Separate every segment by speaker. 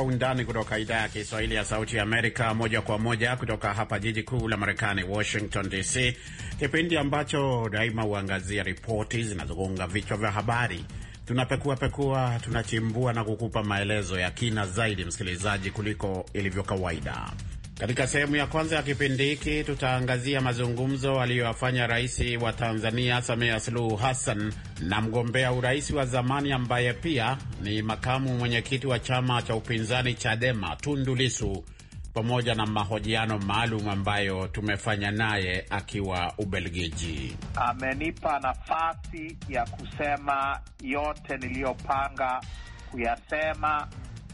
Speaker 1: Kwa Undani kutoka idhaa ya Kiswahili ya Sauti ya Amerika, moja kwa moja kutoka hapa jiji kuu la Marekani, Washington DC, kipindi ambacho daima huangazia ripoti zinazogonga vichwa vya habari. Tunapekua pekua, tunachimbua na kukupa maelezo ya kina zaidi, msikilizaji, kuliko ilivyo kawaida. Katika sehemu ya kwanza ya kipindi hiki tutaangazia mazungumzo aliyoyafanya rais wa Tanzania Samia Suluhu Hassan na mgombea urais wa zamani ambaye pia ni makamu mwenyekiti wa chama cha upinzani Chadema Tundu Lissu, pamoja na mahojiano maalum ambayo tumefanya naye akiwa Ubelgiji.
Speaker 2: Amenipa nafasi ya kusema yote niliyopanga kuyasema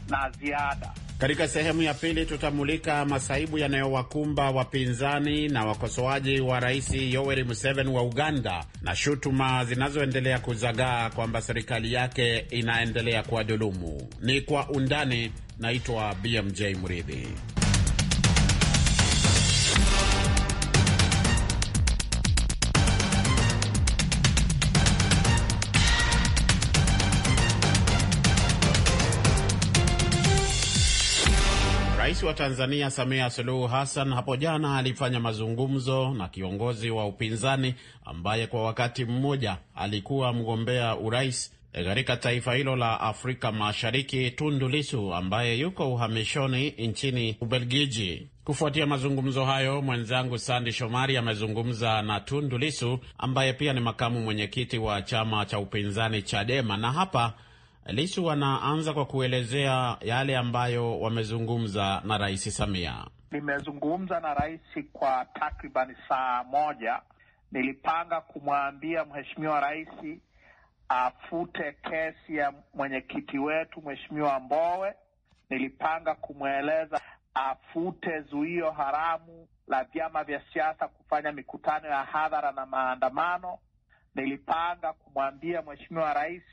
Speaker 2: na ziada.
Speaker 1: Katika sehemu ya pili tutamulika masaibu yanayowakumba wapinzani na wakosoaji wa Rais Yoweri Museveni wa Uganda na shutuma zinazoendelea kuzagaa kwamba serikali yake inaendelea kuwadhulumu. Ni kwa undani. Naitwa BMJ Mridhi. Rais wa Tanzania Samia Suluhu Hassan hapo jana alifanya mazungumzo na kiongozi wa upinzani ambaye kwa wakati mmoja alikuwa mgombea urais katika taifa hilo la Afrika Mashariki, Tundu Lissu ambaye yuko uhamishoni nchini Ubelgiji. Kufuatia mazungumzo hayo, mwenzangu Sandi Shomari amezungumza na Tundu Lissu ambaye pia ni makamu mwenyekiti wa chama cha upinzani Chadema, na hapa Lisu wanaanza kwa kuelezea yale ambayo wamezungumza na Rais Samia.
Speaker 2: Nimezungumza na rais kwa takribani saa moja. Nilipanga kumwambia mheshimiwa rais afute kesi ya mwenyekiti wetu mheshimiwa Mbowe. Nilipanga kumweleza afute zuio haramu la vyama vya siasa kufanya mikutano ya hadhara na maandamano. Nilipanga kumwambia mheshimiwa rais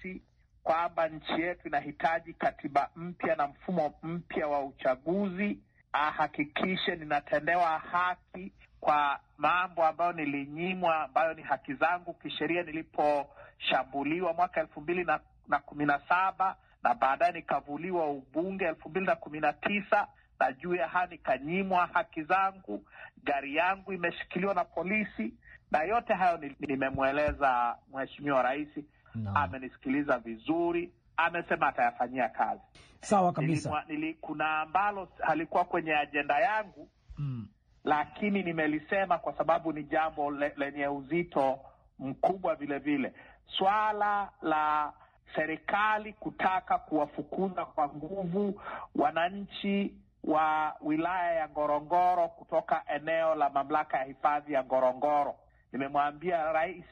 Speaker 2: kwamba nchi yetu inahitaji katiba mpya na mfumo mpya wa uchaguzi, ahakikishe ninatendewa haki kwa mambo ambayo nilinyimwa, ambayo ni haki zangu kisheria niliposhambuliwa mwaka elfu mbili na, na kumi na saba na baadaye nikavuliwa ubunge elfu mbili na kumi na tisa na juu ya haya nikanyimwa haki zangu, gari yangu imeshikiliwa na polisi, na yote hayo nimemweleza Mheshimiwa Rais no. amenisikiliza vizuri, amesema atayafanyia kazi.
Speaker 3: Sawa kabisa. Nilima,
Speaker 2: nili, kuna ambalo halikuwa kwenye ajenda yangu mm. lakini nimelisema kwa sababu ni jambo le, lenye uzito mkubwa vilevile vile. Swala la serikali kutaka kuwafukuza kwa nguvu wananchi wa wilaya ya Ngorongoro kutoka eneo la mamlaka ya hifadhi ya Ngorongoro. Nimemwambia rais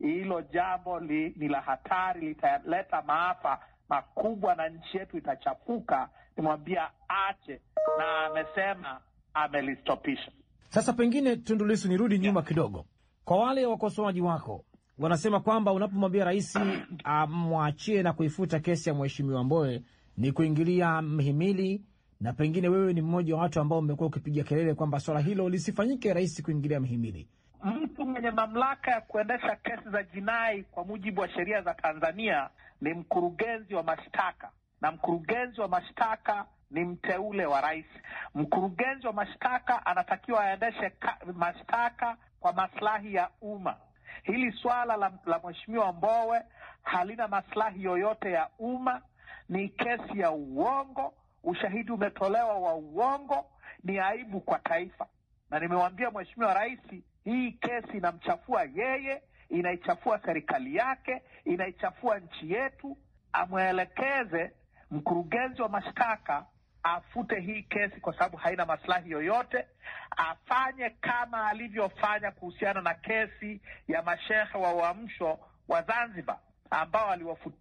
Speaker 2: hilo jambo li, ni la hatari, litaleta maafa makubwa na nchi yetu itachafuka. Nimwambia ache, na amesema amelistopisha. Sasa pengine tundulisu nirudi nyuma kidogo, kwa wale wakosoaji wako wanasema kwamba unapomwambia rais amwachie na kuifuta kesi ya mheshimiwa mboe ni kuingilia mhimili, na pengine wewe ni mmoja wa watu ambao umekuwa ukipiga kelele kwamba swala hilo lisifanyike, rais kuingilia mhimili mtu mwenye mamlaka ya kuendesha kesi za jinai kwa mujibu wa sheria za Tanzania ni mkurugenzi wa mashtaka, na mkurugenzi wa mashtaka ni mteule wa rais. Mkurugenzi wa mashtaka anatakiwa aendeshe mashtaka kwa maslahi ya umma. Hili swala la, la mheshimiwa Mbowe halina maslahi yoyote ya umma. Ni kesi ya uongo, ushahidi umetolewa wa uongo, ni aibu kwa taifa, na nimewaambia mheshimiwa rais hii kesi inamchafua yeye, inaichafua serikali yake, inaichafua nchi yetu. Amwelekeze mkurugenzi wa mashtaka afute hii kesi kwa sababu haina maslahi yoyote. Afanye kama alivyofanya kuhusiana na kesi ya mashehe wa Uamsho wa Zanzibar ambao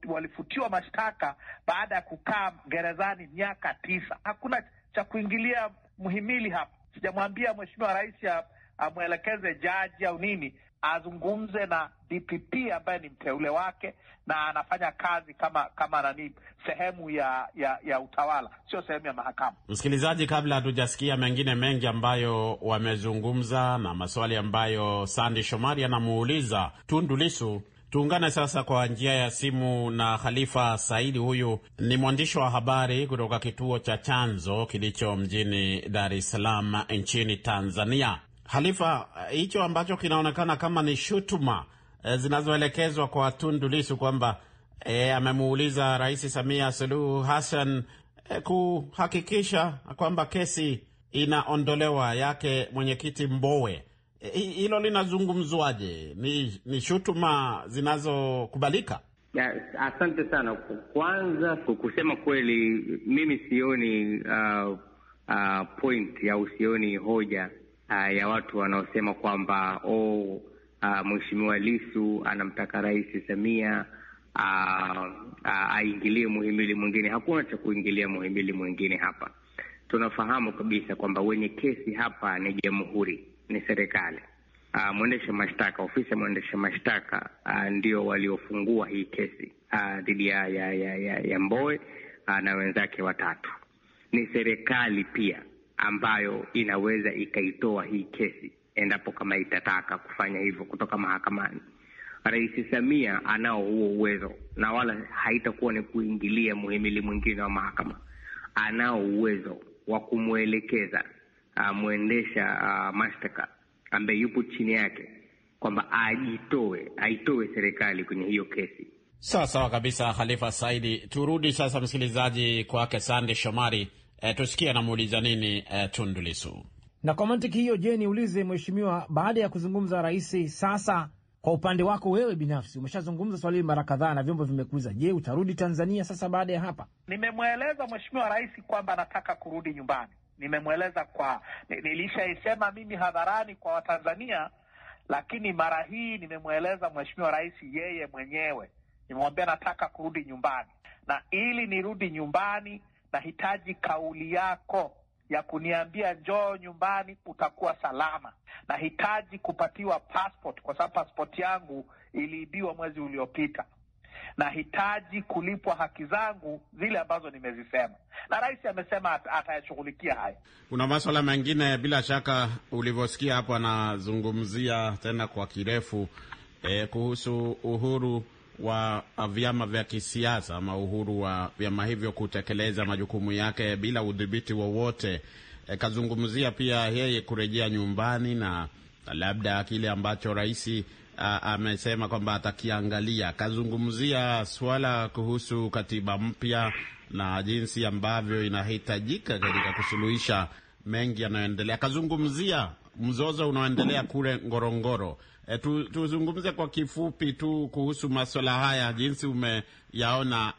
Speaker 2: walifutiwa mashtaka baada ya kukaa gerezani miaka tisa. Hakuna cha kuingilia mhimili hapa. Sijamwambia Mheshimiwa Rais ya amwelekeze jaji au nini, azungumze na DPP ambaye ni mteule wake na anafanya kazi kama kama nani, sehemu ya, ya ya utawala, sio sehemu ya mahakama.
Speaker 1: Msikilizaji, kabla hatujasikia mengine mengi ambayo wamezungumza na maswali ambayo Sandi Shomari anamuuliza Tundu Lissu, tuungane sasa kwa njia ya simu na Khalifa Saidi. Huyu ni mwandishi wa habari kutoka kituo cha Chanzo kilicho mjini Dar es Salaam nchini Tanzania. Halifa, eh, hicho ambacho kinaonekana kama ni shutuma eh, zinazoelekezwa kwa Tundu Lissu kwamba e, amemuuliza Rais Samia Suluhu Hassan e, kuhakikisha kwamba kesi inaondolewa yake mwenyekiti Mbowe. Hilo linazungumzwaje? Ni, ni shutuma zinazokubalika?
Speaker 4: Asante sana. Kwanza kusema kweli, mimi sioni uh, uh, point au sioni hoja uh, ya watu wanaosema kwamba oh, uh, Mheshimiwa Lisu anamtaka Rais Samia aingilie uh, ah, aingilie muhimili mwingine. Hakuna cha kuingilia muhimili mwingine hapa. Tunafahamu kabisa kwamba wenye kesi hapa ni jamhuri, ni serikali. Uh, mwendesha mashtaka, ofisi ya mwendesha mashtaka uh, ndio waliofungua hii kesi dhidi uh, ya, ya, ya, ya Mbowe uh, na wenzake watatu. Ni serikali pia ambayo inaweza ikaitoa hii kesi endapo kama itataka kufanya hivyo kutoka mahakamani. Rais Samia anao huo uwezo na wala haitakuwa ni kuingilia muhimili mwingine wa mahakama. Anao uwezo wa kumwelekeza uh, mwendesha uh, mashtaka ambaye yupo chini yake kwamba ajitoe, aitoe serikali kwenye hiyo
Speaker 1: kesi. Sawa sawa kabisa, Khalifa Saidi. Turudi sasa, msikilizaji, kwake Sande Shomari e, tusikie anamuuliza nini e, Tundu Lissu.
Speaker 2: Na kwa mantiki hiyo, je, niulize mheshimiwa, baada ya kuzungumza rais sasa kwa upande wako wewe binafsi umeshazungumza swali hili mara kadhaa na vyombo vimekuuliza, je, utarudi Tanzania sasa baada ya hapa? Nimemweleza mheshimiwa rais kwamba nataka kurudi nyumbani. Nimemweleza kwa, nilishaisema mimi hadharani kwa Watanzania, lakini mara hii nimemweleza mheshimiwa rais yeye mwenyewe, nimemwambia nataka kurudi nyumbani, na ili nirudi nyumbani nahitaji kauli yako ya kuniambia njoo nyumbani, utakuwa salama. Nahitaji kupatiwa passport kwa sababu passport yangu iliibiwa mwezi uliopita. Nahitaji kulipwa haki zangu zile ambazo nimezisema, na rais amesema atayashughulikia haya.
Speaker 1: Kuna maswala mengine bila shaka ulivyosikia hapo, anazungumzia tena kwa kirefu eh, kuhusu uhuru wa vyama vya kisiasa ama uhuru wa vyama hivyo kutekeleza majukumu yake bila udhibiti wowote. E, kazungumzia pia yeye kurejea nyumbani na labda kile ambacho rais amesema kwamba atakiangalia. Kazungumzia swala kuhusu katiba mpya na jinsi ambavyo inahitajika katika kusuluhisha mengi yanayoendelea. Kazungumzia mzozo unaoendelea kule Ngorongoro. E, tuzungumze kwa kifupi tu kuhusu maswala haya jinsi umeyaona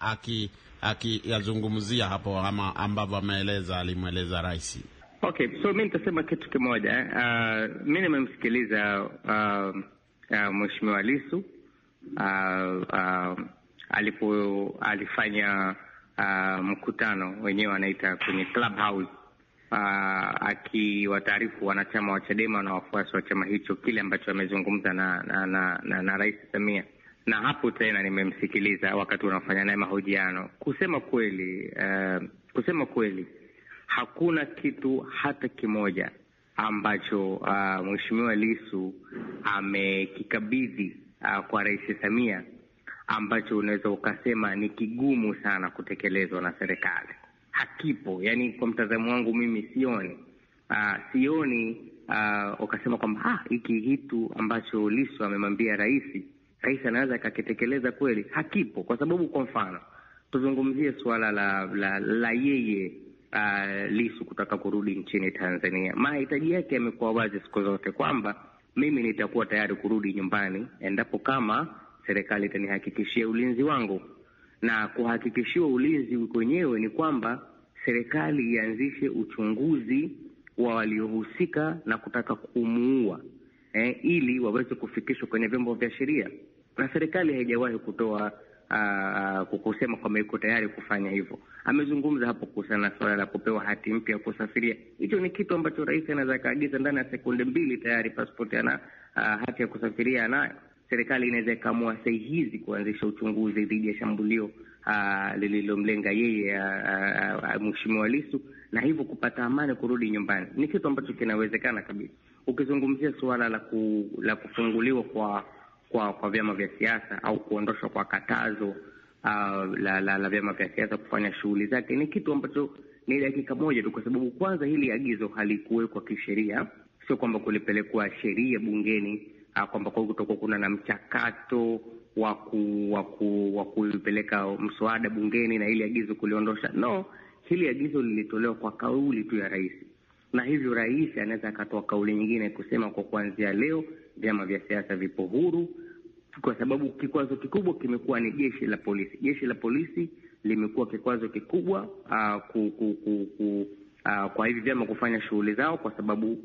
Speaker 1: akiyazungumzia aki hapo ama ambavyo ameeleza alimweleza rais.
Speaker 4: Okay, so mi nitasema kitu kimoja. Uh, mi nimemsikiliza uh, uh, Mheshimiwa Lisu uh, uh, alipo alifanya uh, mkutano wenyewe anaita kwenye Clubhouse Ah, akiwataarifu wanachama wa Chadema na wafuasi wa chama hicho kile ambacho amezungumza na, na, na, na, na Rais Samia na hapo tena nimemsikiliza wakati unaofanya naye mahojiano. Kusema kweli, uh, kusema kweli hakuna kitu hata kimoja ambacho uh, Mheshimiwa Lisu amekikabidhi uh, kwa Rais Samia ambacho unaweza ukasema ni kigumu sana kutekelezwa na serikali
Speaker 1: hakipo,
Speaker 4: yani kwa mtazamo wangu mimi sioni uh, sioni wakasema ah, kwamba ah, hiki kitu ambacho Lissu amemwambia rais, rais anaweza akakitekeleza kweli, hakipo kwa sababu, kwa mfano tuzungumzie suala la, la, la yeye uh, Lissu kutaka kurudi nchini Tanzania. Mahitaji yake yamekuwa wazi siku zote kwamba mimi nitakuwa tayari kurudi nyumbani endapo kama serikali itanihakikishia ulinzi wangu na kuhakikishiwa ulinzi wenyewe ni kwamba serikali ianzishe uchunguzi wa waliohusika na kutaka kumuua eh, ili waweze kufikishwa kwenye vyombo vya sheria, na serikali haijawahi kutoa ah, ah, kusema kwamba iko tayari kufanya hivyo. Amezungumza hapo kuhusiana na suala la kupewa hati mpya ya kusafiria. Hicho ni kitu ambacho rais anaweza akaagiza ndani ya sekunde mbili, tayari paspoti ana ah, hati ya kusafiria anayo serikali inaweza ikaamua sahi hizi kuanzisha uchunguzi dhidi ya shambulio ah, lililomlenga yeye ah, ah, Mheshimiwa Lisu na hivyo kupata amani kurudi nyumbani. Ni kitu ambacho kinawezekana kabisa. Ukizungumzia suala la, ku, la kufunguliwa kwa kwa kwa vyama vya siasa au kuondoshwa kwa katazo uh, la, la, la vyama vya siasa kufanya shughuli zake ni kitu ambacho ni dakika moja tu, kwa sababu kwanza hili agizo halikuwekwa kisheria, sio kwamba kulipelekwa sheria bungeni kwamba kutakuwa kuna na mchakato wa wa kuipeleka mswada bungeni na ili agizo kuliondosha. No, hili agizo lilitolewa kwa kauli tu ya rais, na hivyo rais anaweza akatoa kauli nyingine kusema kwa kuanzia leo vyama vya siasa vipo huru, kwa sababu kikwazo kikubwa kimekuwa ni jeshi la polisi. Jeshi la polisi limekuwa kikwazo kikubwa uh, ku, ku, ku, ku uh, kwa hivi vyama kufanya shughuli zao, kwa sababu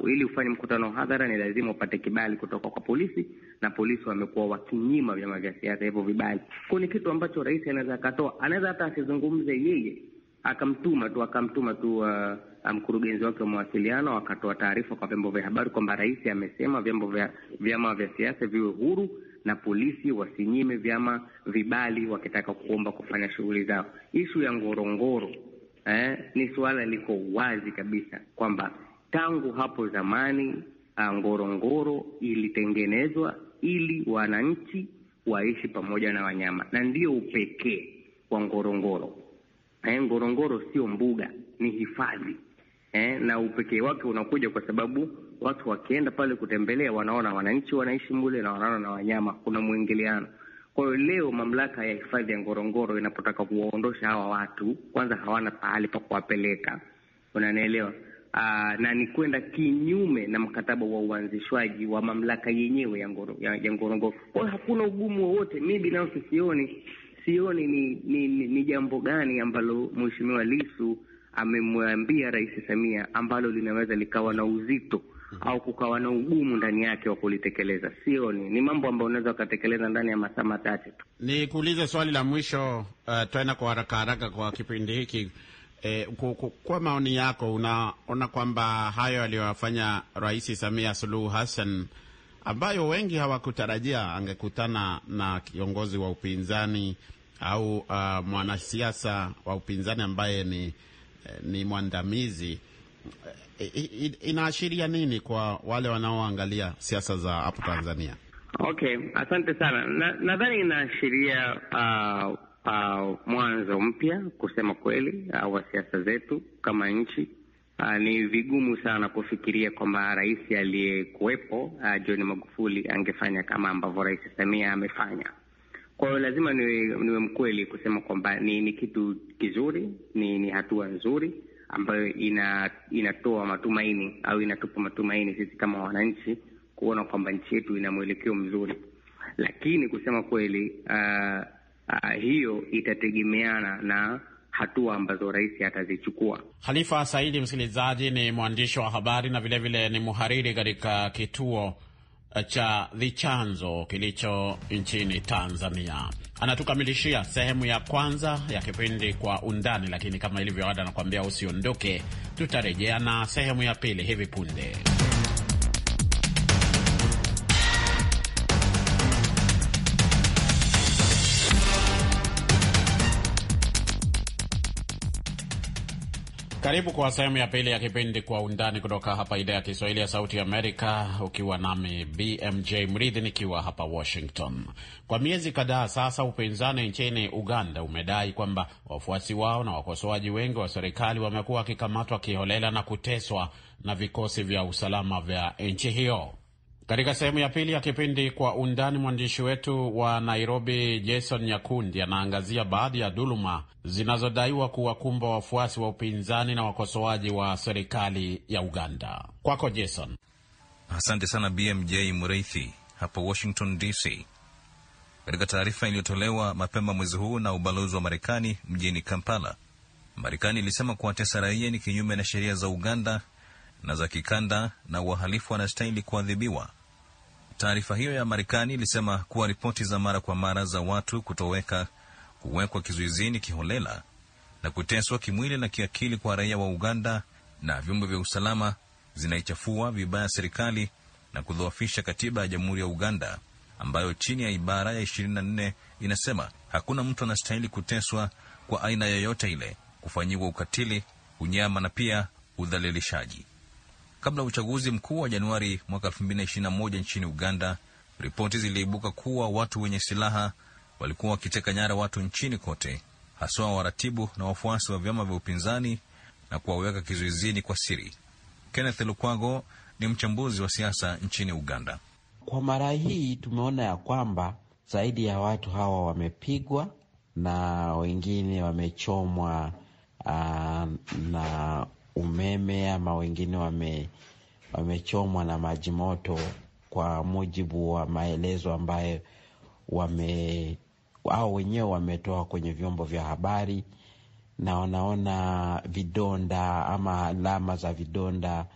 Speaker 4: uh, ili ufanye mkutano wa hadhara ni lazima upate kibali kutoka kwa polisi, na polisi wamekuwa wakinyima vyama vya siasa hivyo vibali. Kwa ni kitu ambacho rais anaweza akatoa, anaweza hata asizungumze yeye, akamtuma tu akamtuma tu uh, mkurugenzi wake wa mawasiliano akatoa taarifa kwa vyombo vya habari kwamba rais amesema vyombo vya vyama vya siasa viwe huru na polisi wasinyime vyama vibali wakitaka kuomba kufanya shughuli zao. Ishu ya Ngorongoro eh, ni suala liko wazi kabisa kwamba tangu hapo zamani ah, Ngorongoro ilitengenezwa ili wananchi waishi pamoja na wanyama, na ndiyo upekee wa Ngorongoro. Eh, Ngorongoro sio mbuga, ni hifadhi eh, na upekee wake unakuja kwa sababu watu wakienda pale kutembelea, wanaona wananchi wanaishi mule na wanaona na wanyama, kuna mwingiliano. Kwa hiyo leo mamlaka ya hifadhi ya Ngorongoro inapotaka kuwaondosha hawa watu, kwanza hawana pahali pa kuwapeleka, unanielewa? Aa, ah, na ni kwenda kinyume na mkataba wa uanzishwaji wa mamlaka yenyewe ya Ngorongoro. Kwa hiyo hakuna ugumu wowote, mi binafsi sioni sioni ni, ni, ni, ni jambo gani ambalo Mheshimiwa Lisu amemwambia Rais Samia ambalo linaweza likawa na uzito -hmm. au kukawa na ugumu ndani yake wa kulitekeleza. Sio ni, ni mambo ambayo unaweza ukatekeleza ndani ya masaa machache
Speaker 1: tu. kuulize swali la mwisho uh, tena kwa haraka haraka kwa kipindi hiki eh, kwa maoni yako unaona kwamba hayo aliyoyafanya Rais Samia Suluhu Hassan ambayo wengi hawakutarajia angekutana na kiongozi wa upinzani au uh, mwanasiasa wa upinzani ambaye ni, eh, ni mwandamizi eh, inaashiria nini kwa wale wanaoangalia siasa za hapo Tanzania?
Speaker 4: Okay, asante sana. Nadhani na inaashiria uh, uh, mwanzo mpya kusema kweli, uh, wa siasa zetu kama nchi. Uh, ni vigumu sana kufikiria kwamba rais aliyekuwepo uh, John Magufuli angefanya kama ambavyo Rais Samia amefanya. Kwa hiyo lazima niwe, niwe mkweli kusema kwamba ni, ni kitu kizuri, ni, ni hatua nzuri ambayo ina, inatoa matumaini au inatupa matumaini sisi kama wananchi kuona kwamba nchi yetu ina mwelekeo mzuri, lakini kusema kweli
Speaker 1: uh, uh,
Speaker 4: hiyo itategemeana na hatua ambazo rais
Speaker 1: atazichukua. Halifa Saidi, msikilizaji, ni mwandishi wa habari na vilevile vile ni mhariri katika kituo cha vichanzo kilicho nchini Tanzania. Anatukamilishia sehemu ya kwanza ya kipindi Kwa Undani, lakini kama ilivyo ada, anakuambia usiondoke, tutarejea na sehemu ya pili hivi punde. Karibu kwa sehemu ya pili ya kipindi Kwa Undani kutoka hapa idhaa ya Kiswahili ya Sauti Amerika, ukiwa nami BMJ Mridhi nikiwa hapa Washington. Kwa miezi kadhaa sasa, upinzani nchini Uganda umedai kwamba wafuasi wao na wakosoaji wengi wa serikali wamekuwa wakikamatwa kiholela na kuteswa na vikosi vya usalama vya nchi hiyo. Katika sehemu ya pili ya kipindi Kwa Undani, mwandishi wetu wa Nairobi Jason Nyakundi anaangazia baadhi ya dhuluma zinazodaiwa kuwakumba wafuasi wa upinzani na wakosoaji wa serikali ya Uganda. Kwako Jason.
Speaker 5: Asante sana BMJ Mreithi hapo Washington DC. Katika taarifa iliyotolewa mapema mwezi huu na ubalozi wa Marekani mjini Kampala, Marekani ilisema kuwatesa raia ni kinyume na sheria za Uganda na za kikanda na wahalifu wanastahili kuadhibiwa. Taarifa hiyo ya Marekani ilisema kuwa ripoti za mara kwa mara za watu kutoweka, kuwekwa kizuizini kiholela na kuteswa kimwili na kiakili kwa raia wa Uganda na vyombo vya usalama zinaichafua vibaya serikali na kudhoofisha katiba ya Jamhuri ya Uganda ambayo chini ya ibara ya 24 inasema hakuna mtu anastahili kuteswa kwa aina yoyote ile, kufanyiwa ukatili, unyama na pia udhalilishaji kabla ya uchaguzi mkuu wa Januari mwaka 2021 nchini Uganda, ripoti ziliibuka kuwa watu wenye silaha walikuwa wakiteka nyara watu nchini kote, haswa waratibu na wafuasi wa vyama vya upinzani na kuwaweka kizuizini kwa siri. Kenneth Lukwago ni mchambuzi wa siasa nchini Uganda.
Speaker 3: Kwa mara hii tumeona ya kwamba zaidi ya watu hawa wamepigwa na wengine wamechomwa, uh, na umeme ama wengine wame, wamechomwa na maji moto, kwa mujibu wa maelezo ambayo wame au wenyewe wametoa kwenye vyombo vya habari, na wanaona vidonda ama alama za vidonda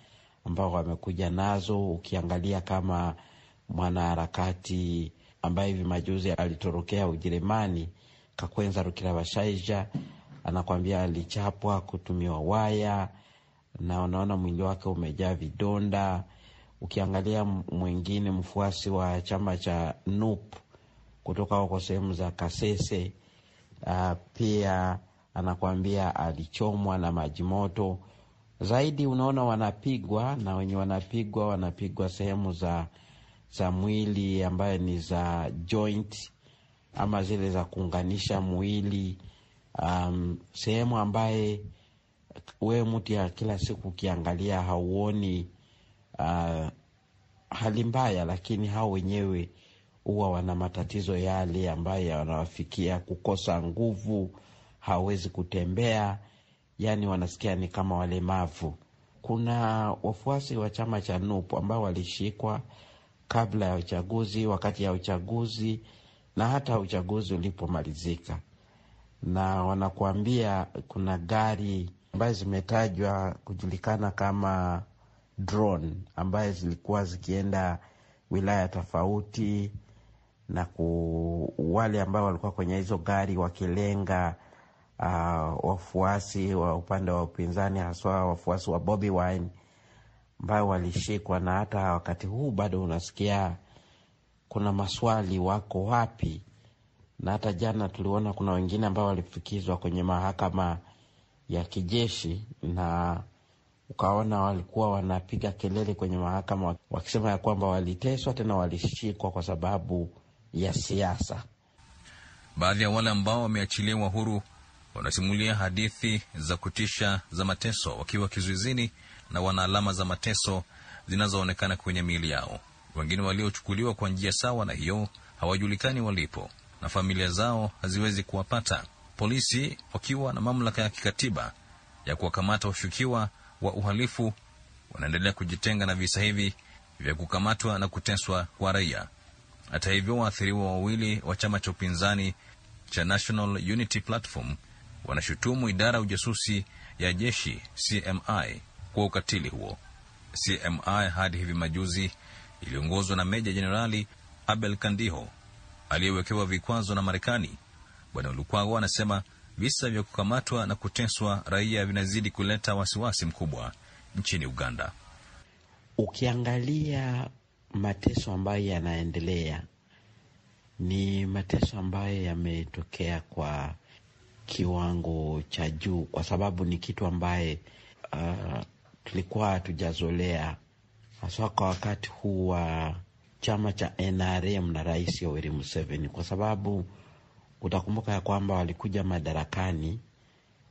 Speaker 3: ambao wamekuja nazo. Ukiangalia kama mwanaharakati ambaye hivi majuzi alitorokea Ujerumani, Kakwenza Rukirabashaija, anakwambia alichapwa kutumiwa waya na wanaona mwili wake umejaa vidonda. Ukiangalia mwingine mfuasi wa chama cha NUP kutoka huko sehemu za Kasese, uh, pia anakuambia alichomwa na maji moto zaidi. Unaona wanapigwa na wenye wanapigwa wanapigwa sehemu za za mwili ambayo ni za joint ama zile za kuunganisha mwili, um, sehemu ambaye wewe mtu ya kila siku ukiangalia hauoni uh, hali mbaya, lakini hao wenyewe huwa wana matatizo yale ambayo yanawafikia kukosa nguvu, hawezi kutembea, yani wanasikia ni kama walemavu. Kuna wafuasi wa chama cha NUP ambao walishikwa kabla ya uchaguzi, wakati ya uchaguzi na hata uchaguzi ulipomalizika, na wanakuambia kuna gari ambayo zimetajwa kujulikana kama drone, ambayo zilikuwa zikienda wilaya tofauti na ku wale ambao walikuwa kwenye hizo gari wakilenga uh, wafuasi wa upande wa upinzani haswa wafuasi wa Bobi Wine ambao walishikwa, na hata wakati huu bado unasikia kuna maswali, wako wapi? Na hata jana tuliona kuna wengine ambao walifikizwa kwenye mahakama ya kijeshi na ukaona walikuwa wanapiga kelele kwenye mahakama wakisema ya kwamba waliteswa tena walishikwa kwa sababu ya siasa.
Speaker 5: Baadhi ya wale ambao wameachiliwa huru wanasimulia hadithi za kutisha za mateso wakiwa kizuizini na wana alama za mateso zinazoonekana kwenye miili yao. Wengine waliochukuliwa kwa njia sawa na hiyo hawajulikani walipo na familia zao haziwezi kuwapata polisi wakiwa na mamlaka ya kikatiba ya kuwakamata washukiwa wa uhalifu wanaendelea kujitenga na visa hivi vya kukamatwa na kuteswa kwa raia. Hata hivyo, waathiriwa wawili wa chama cha upinzani cha National Unity Platform wanashutumu idara ya ujasusi ya jeshi CMI kwa ukatili huo. CMI hadi hivi majuzi iliongozwa na Meja Jenerali Abel Kandiho aliyewekewa vikwazo na Marekani Bwana Lukwago anasema visa vya kukamatwa na kuteswa raia vinazidi kuleta wasiwasi mkubwa nchini Uganda.
Speaker 3: Ukiangalia mateso ambayo yanaendelea, ni mateso ambayo yametokea kwa kiwango cha juu, kwa sababu ni kitu ambaye uh, tulikuwa hatujazolea haswa kwa wakati huu wa chama cha NRM na Rais Yoweri Museveni, kwa sababu Utakumbuka ya kwamba walikuja madarakani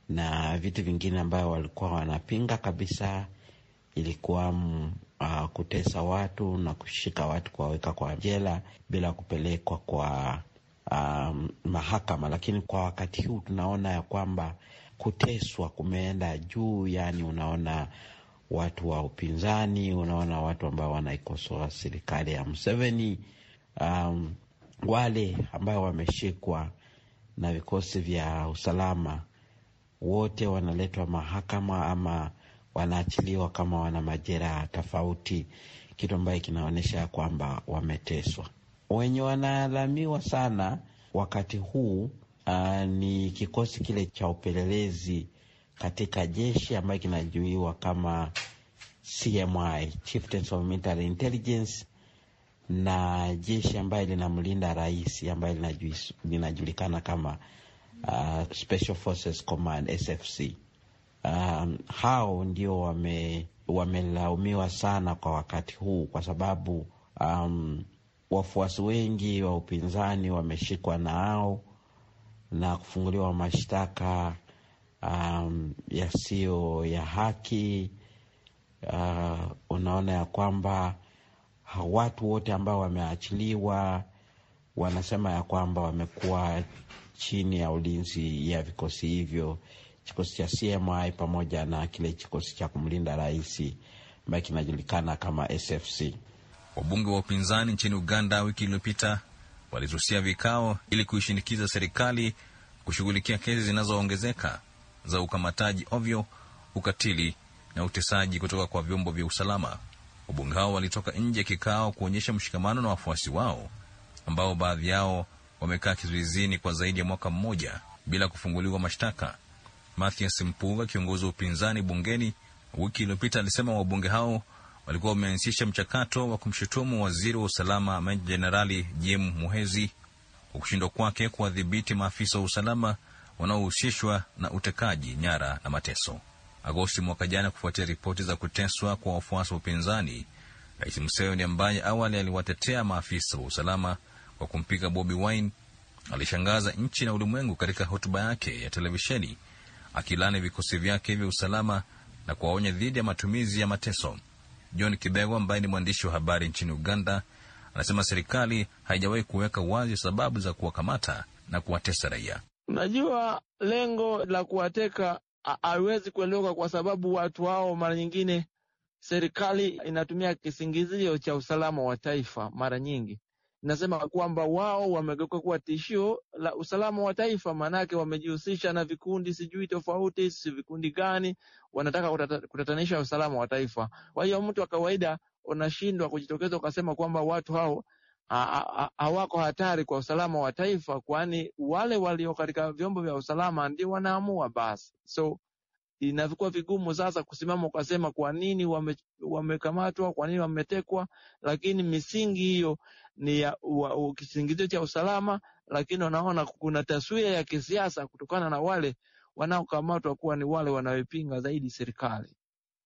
Speaker 3: na vitu vingine ambayo walikuwa wanapinga kabisa ilikuwa uh, kutesa watu na kushika watu kuwaweka kwa jela bila kupelekwa kwa um, mahakama. Lakini kwa wakati huu tunaona ya kwamba kuteswa kumeenda juu, yani unaona watu wa upinzani, unaona watu ambao wanaikosoa serikali ya Museveni, um, wale ambao wameshikwa na vikosi vya usalama wote wanaletwa mahakama ama wanaachiliwa kama wana majeraha tofauti, kitu ambayo kinaonyesha kwamba wameteswa. Wenye wanaalamiwa sana wakati huu uh, ni kikosi kile cha upelelezi katika jeshi ambayo kinajuiwa kama CMI, of Military Intelligence na jeshi ambaye linamlinda rais ambaye linajulikana kama uh, Special Forces Command SFC. Um, hao ndio wame wamelaumiwa sana kwa wakati huu kwa sababu um, wafuasi wengi wa upinzani wameshikwa nao na kufunguliwa mashtaka um, yasiyo ya haki. Uh, unaona ya kwamba watu wote ambao wameachiliwa wanasema ya kwamba wamekuwa chini ya ulinzi ya vikosi hivyo, kikosi cha CMI pamoja na kile kikosi cha kumlinda rais ambayo kinajulikana kama SFC.
Speaker 5: Wabunge wa upinzani nchini Uganda wiki iliyopita walisusia vikao ili kuishinikiza serikali kushughulikia kesi zinazoongezeka za ukamataji ovyo, ukatili na utesaji kutoka kwa vyombo vya usalama. Wabunge hao walitoka nje ya kikao kuonyesha mshikamano na wafuasi wao ambao baadhi yao wamekaa kizuizini kwa zaidi ya mwaka mmoja bila kufunguliwa mashtaka. Mathias Mpuga, kiongozi wa upinzani bungeni, wiki iliyopita alisema wabunge hao walikuwa wameanzisha mchakato wa kumshutumu waziri wa usalama Meja Jenerali Jim Muhezi kwa kushindwa kwake kuwadhibiti maafisa wa usalama wanaohusishwa na utekaji nyara na mateso. Agosti mwaka jana, kufuatia ripoti za kuteswa kwa wafuasi wa upinzani. Rais Museveni ambaye awali aliwatetea maafisa wa usalama kwa kumpiga Bobi Wine alishangaza nchi na ulimwengu katika hotuba yake ya televisheni akilani vikosi vyake vya usalama na kuwaonya dhidi ya matumizi ya mateso. John Kibego ambaye ni mwandishi wa habari nchini Uganda anasema serikali haijawahi kuweka wazi sababu za kuwakamata na kuwatesa raia.
Speaker 6: Unajua, lengo la kuwateka haiwezi kueleweka kwa sababu watu hao mara nyingine serikali inatumia kisingizio cha usalama wa taifa. Mara nyingi inasema kwamba wao wamegeuka kuwa tishio la usalama wa taifa, maanake wamejihusisha na vikundi sijui tofauti, si vikundi gani, wanataka kutatanisha usalama wa taifa. Kwa hiyo mtu wa kawaida unashindwa kujitokeza ukasema kwamba watu hao hawako hatari kwa usalama wa taifa, kwani wale walio katika vyombo vya usalama ndio wanaamua basi. So inakuwa vigumu sasa kusimama ukasema kwa nini wamekamatwa, wame kwa nini wametekwa, lakini misingi hiyo ni ya kisingizio cha usalama, lakini wanaona kuna taswira ya kisiasa kutokana na wale wanaokamatwa kuwa ni wale wanaoipinga zaidi serikali.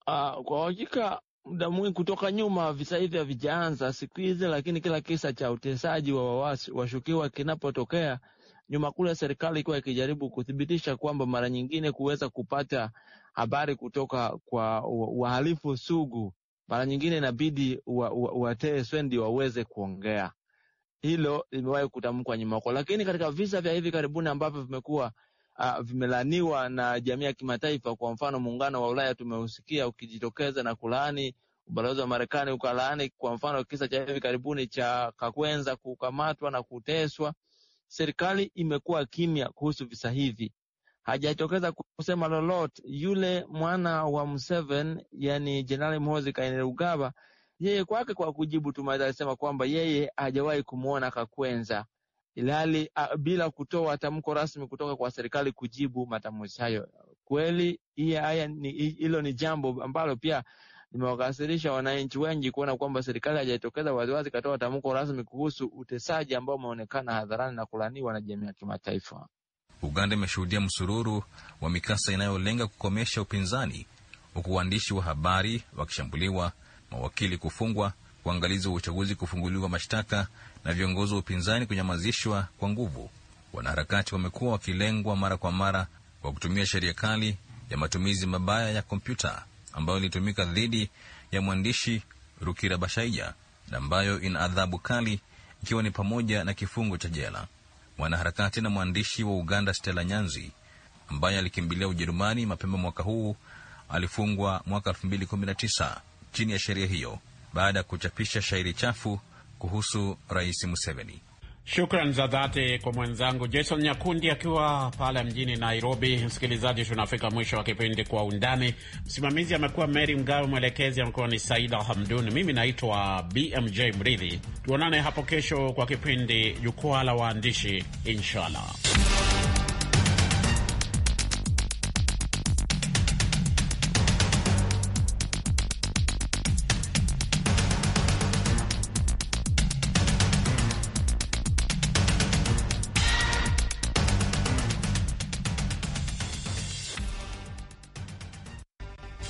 Speaker 6: Uh, kwa hakika muda mwingi kutoka nyuma, visa hivi havijaanza siku hizi, lakini kila kisa cha utesaji wa wawasi washukiwa kinapotokea nyuma kule, serikali ikiwa ikijaribu kuthibitisha kwamba mara nyingine kuweza kupata habari kutoka kwa wahalifu sugu, mara nyingine inabidi wateswe ndio waweze kuongea. Hilo limewahi kutamkwa nyuma huko, lakini katika visa vya hivi karibuni ambavyo vimekuwa uh, vimelaniwa na jamii ya kimataifa. Kwa mfano, muungano wa Ulaya tumeusikia ukijitokeza na kulaani, ubalozi wa Marekani ukalaani, kwa mfano kisa cha hivi karibuni cha Kakwenza kukamatwa na kuteswa. Serikali imekuwa kimya kuhusu visa hivi, hajatokeza kusema lolote. Yule mwana wa Museveni, yani Jenerali Mhozi Kainerugaba, yeye kwake kwa kujibu tu alisema kwamba yeye hajawahi kumwona Kakwenza ilhali bila kutoa tamko rasmi kutoka kwa serikali kujibu matamshi hayo. Kweli haya hilo ni jambo ambalo pia limewakasirisha wananchi wengi kuona kwamba serikali haijatokeza waziwazi katoa tamko rasmi kuhusu utesaji ambao umeonekana hadharani na kulaniwa na jamii ya kimataifa.
Speaker 5: Uganda imeshuhudia msururu wa mikasa inayolenga kukomesha upinzani, huku waandishi wa habari wakishambuliwa, mawakili kufungwa, waangalizi wa uchaguzi kufunguliwa mashtaka na viongozi wa upinzani kunyamazishwa kwa nguvu. Wanaharakati wamekuwa wakilengwa mara kwa mara kwa kutumia sheria kali ya matumizi mabaya ya kompyuta ambayo ilitumika dhidi ya mwandishi Rukira Bashaija na ambayo ina adhabu kali ikiwa ni pamoja na kifungo cha jela. Mwanaharakati na mwandishi wa Uganda Stella Nyanzi ambaye alikimbilia Ujerumani mapema mwaka huu alifungwa mwaka 2019 chini ya sheria hiyo baada ya kuchapisha shairi chafu kuhusu Rais Museveni.
Speaker 1: Shukran za dhati kwa mwenzangu Jason Nyakundi akiwa pale mjini Nairobi. Msikilizaji, tunafika mwisho wa kipindi Kwa Undani. Msimamizi amekuwa Mary Mgawe, mwelekezi amekuwa ni Saida Hamdun, mimi naitwa BMJ Mridhi. Tuonane hapo kesho kwa kipindi Jukwaa la Waandishi, inshallah.